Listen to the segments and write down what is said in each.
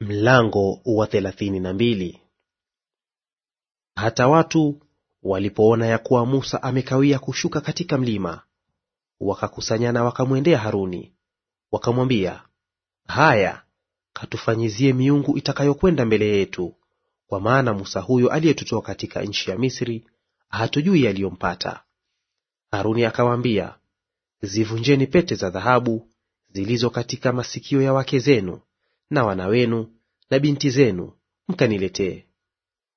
Mlango wa thelathini na mbili. Hata watu walipoona ya kuwa Musa amekawia kushuka katika mlima, wakakusanyana wakamwendea Haruni, wakamwambia, Haya, katufanyizie miungu itakayokwenda mbele yetu, kwa maana Musa huyo aliyetutoa katika nchi ya Misri hatujui yaliyompata. Haruni akawaambia, zivunjeni pete za dhahabu zilizo katika masikio ya wake zenu na wana wenu na binti zenu mkaniletee.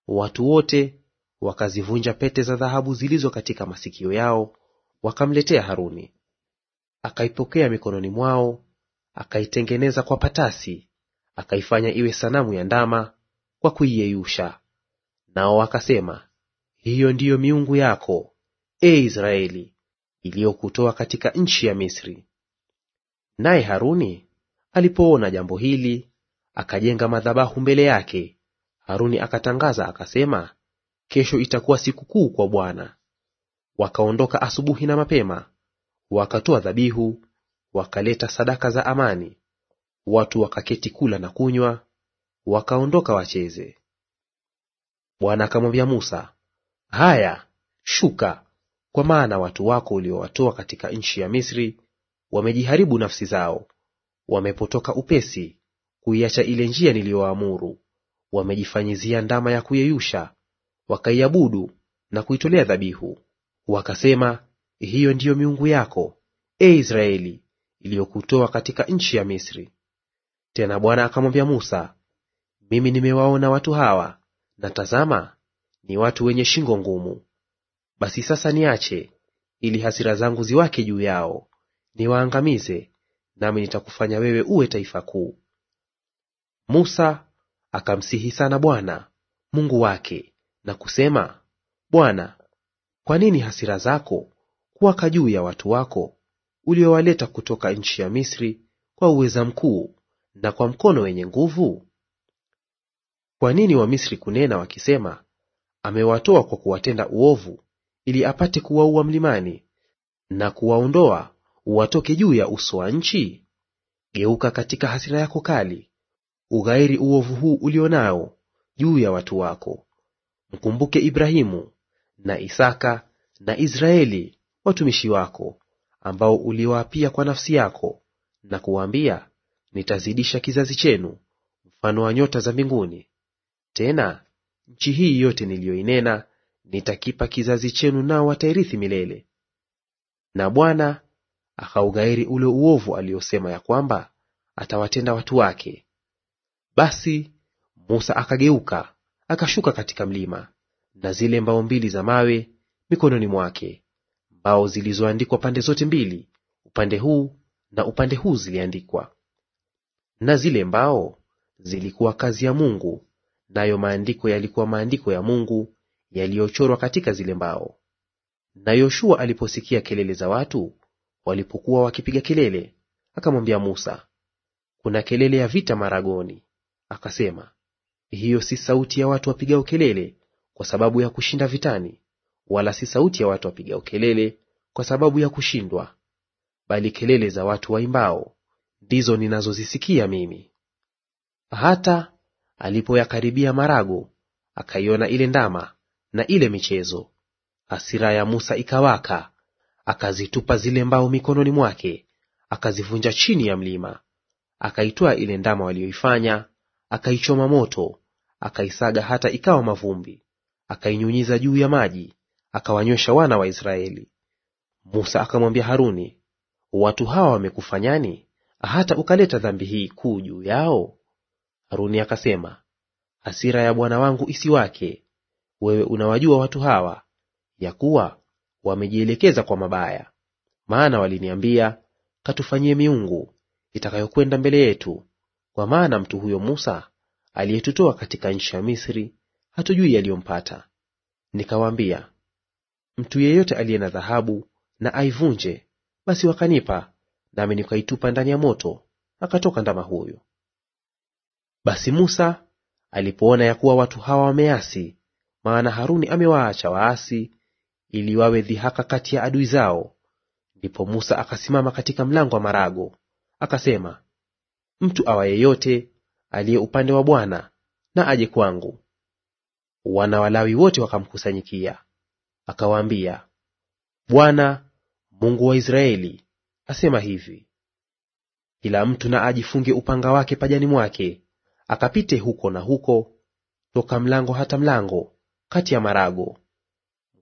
Watu wote wakazivunja pete za dhahabu zilizo katika masikio yao, wakamletea Haruni. Akaipokea mikononi mwao, akaitengeneza kwa patasi, akaifanya iwe sanamu ya ndama kwa kuiyeyusha. Nao wakasema, hiyo ndiyo miungu yako, e Israeli, iliyokutoa katika nchi ya Misri. Naye Haruni Alipoona jambo hili, akajenga madhabahu mbele yake. Haruni akatangaza akasema, kesho itakuwa sikukuu kwa Bwana. Wakaondoka asubuhi na mapema, wakatoa dhabihu, wakaleta sadaka za amani. Watu wakaketi kula na kunywa, wakaondoka wacheze. Bwana akamwambia Musa, haya, shuka, kwa maana watu wako uliowatoa katika nchi ya Misri wamejiharibu nafsi zao wamepotoka upesi kuiacha ile njia niliyoamuru. Wamejifanyizia ndama ya kuyeyusha, wakaiabudu na kuitolea dhabihu. Wakasema, hiyo ndiyo miungu yako, e Israeli, iliyokutoa katika nchi ya Misri. Tena Bwana akamwambia Musa, mimi nimewaona watu hawa, na tazama, ni watu wenye shingo ngumu. Basi sasa niache, ili hasira zangu ziwake juu yao, niwaangamize nami nitakufanya wewe uwe taifa kuu. Musa akamsihi sana Bwana Mungu wake na kusema, Bwana, kwa nini hasira zako kuwaka juu ya watu wako uliowaleta kutoka nchi ya Misri kwa uweza mkuu na kwa mkono wenye nguvu? Kwa nini Wamisri kunena wakisema, amewatoa kwa kuwatenda uovu, ili apate kuwaua mlimani na kuwaondoa watoke juu ya uso wa nchi? Geuka katika hasira yako kali, ughairi uovu huu ulio nao juu ya watu wako. Mkumbuke Ibrahimu na Isaka na Israeli watumishi wako, ambao uliwaapia kwa nafsi yako na kuwaambia, nitazidisha kizazi chenu mfano wa nyota za mbinguni. Tena nchi hii yote niliyoinena nitakipa kizazi chenu, nao watairithi milele. Na Bwana akaugairi ule uovu aliosema ya kwamba atawatenda watu wake. Basi Musa akageuka akashuka katika mlima na zile mbao mbili za mawe mikononi mwake, mbao zilizoandikwa pande zote mbili, upande huu na upande huu ziliandikwa. Na zile mbao zilikuwa kazi ya Mungu, nayo maandiko yalikuwa maandiko ya Mungu yaliyochorwa katika zile mbao. Na Yoshua aliposikia kelele za watu walipokuwa wakipiga kelele, akamwambia Musa, kuna kelele ya vita maragoni. Akasema, hiyo si sauti ya watu wapigao kelele kwa sababu ya kushinda vitani, wala si sauti ya watu wapigao kelele kwa sababu ya kushindwa, bali kelele za watu waimbao ndizo ninazozisikia mimi. Hata alipoyakaribia marago, akaiona ile ndama na ile michezo, hasira ya Musa ikawaka, akazitupa zile mbao mikononi mwake, akazivunja chini ya mlima. akaitwa ile ndama waliyoifanya, akaichoma moto, akaisaga hata ikawa mavumbi, akainyunyiza juu ya maji, akawanywesha wana wa Israeli. Musa akamwambia Haruni, watu hawa wamekufanyani hata ukaleta dhambi hii kuu juu yao? Haruni akasema, hasira ya Bwana wangu isiwake. Wewe unawajua watu hawa, ya kuwa wamejielekeza kwa mabaya. Maana waliniambia, katufanyie miungu itakayokwenda mbele yetu, kwa maana mtu huyo Musa aliyetutoa katika nchi ya Misri hatujui yaliyompata. Nikawaambia, mtu yeyote aliye na dhahabu na aivunje. Basi wakanipa, nami nikaitupa ndani ya moto, akatoka ndama huyo. Basi Musa alipoona ya kuwa watu hawa wameasi, maana Haruni amewaacha waasi ili wawe dhihaka kati ya adui zao. Ndipo Musa akasimama katika mlango wa marago, akasema, mtu awa yeyote aliye upande wa Bwana na aje kwangu. Wana Walawi wote wakamkusanyikia, akawaambia, Bwana Mungu wa Israeli asema hivi, kila mtu na ajifunge upanga wake pajani mwake, akapite huko na huko, toka mlango hata mlango kati ya marago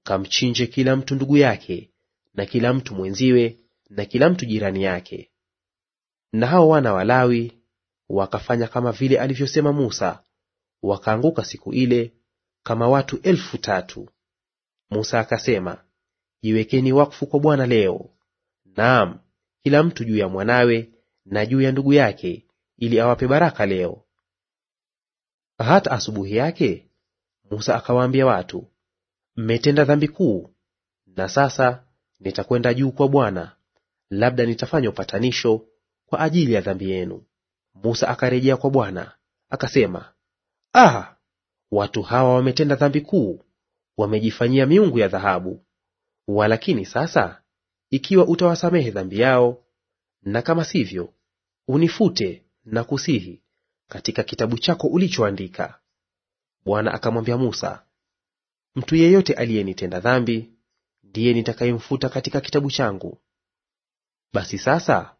kamchinje kila mtu ndugu yake na kila mtu mwenziwe na kila mtu jirani yake. Na hao wana wa Lawi wakafanya kama vile alivyosema Musa, wakaanguka siku ile kama watu elfu tatu. Musa akasema, jiwekeni wakfu kwa Bwana leo, naam, kila mtu juu ya mwanawe na juu ya ndugu yake, ili awape baraka leo. Hata asubuhi yake Musa akawaambia watu, mmetenda dhambi kuu, na sasa nitakwenda juu kwa Bwana, labda nitafanya upatanisho kwa ajili ya dhambi yenu. Musa akarejea kwa Bwana akasema, ah, watu hawa wametenda dhambi kuu, wamejifanyia miungu ya dhahabu. Walakini sasa ikiwa utawasamehe dhambi yao, na kama sivyo, unifute na kusihi katika kitabu chako ulichoandika. Bwana akamwambia Musa, Mtu yeyote aliyenitenda dhambi ndiye nitakayemfuta katika kitabu changu. Basi sasa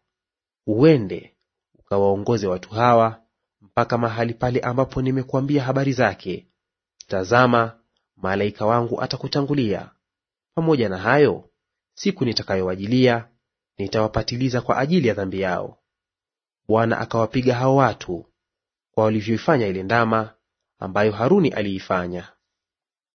uende ukawaongoze watu hawa mpaka mahali pale ambapo nimekuambia habari zake. Tazama, malaika wangu atakutangulia. Pamoja na hayo, siku nitakayowajilia nitawapatiliza kwa ajili ya dhambi yao. Bwana akawapiga hao watu kwa walivyoifanya ile ndama ambayo Haruni aliifanya.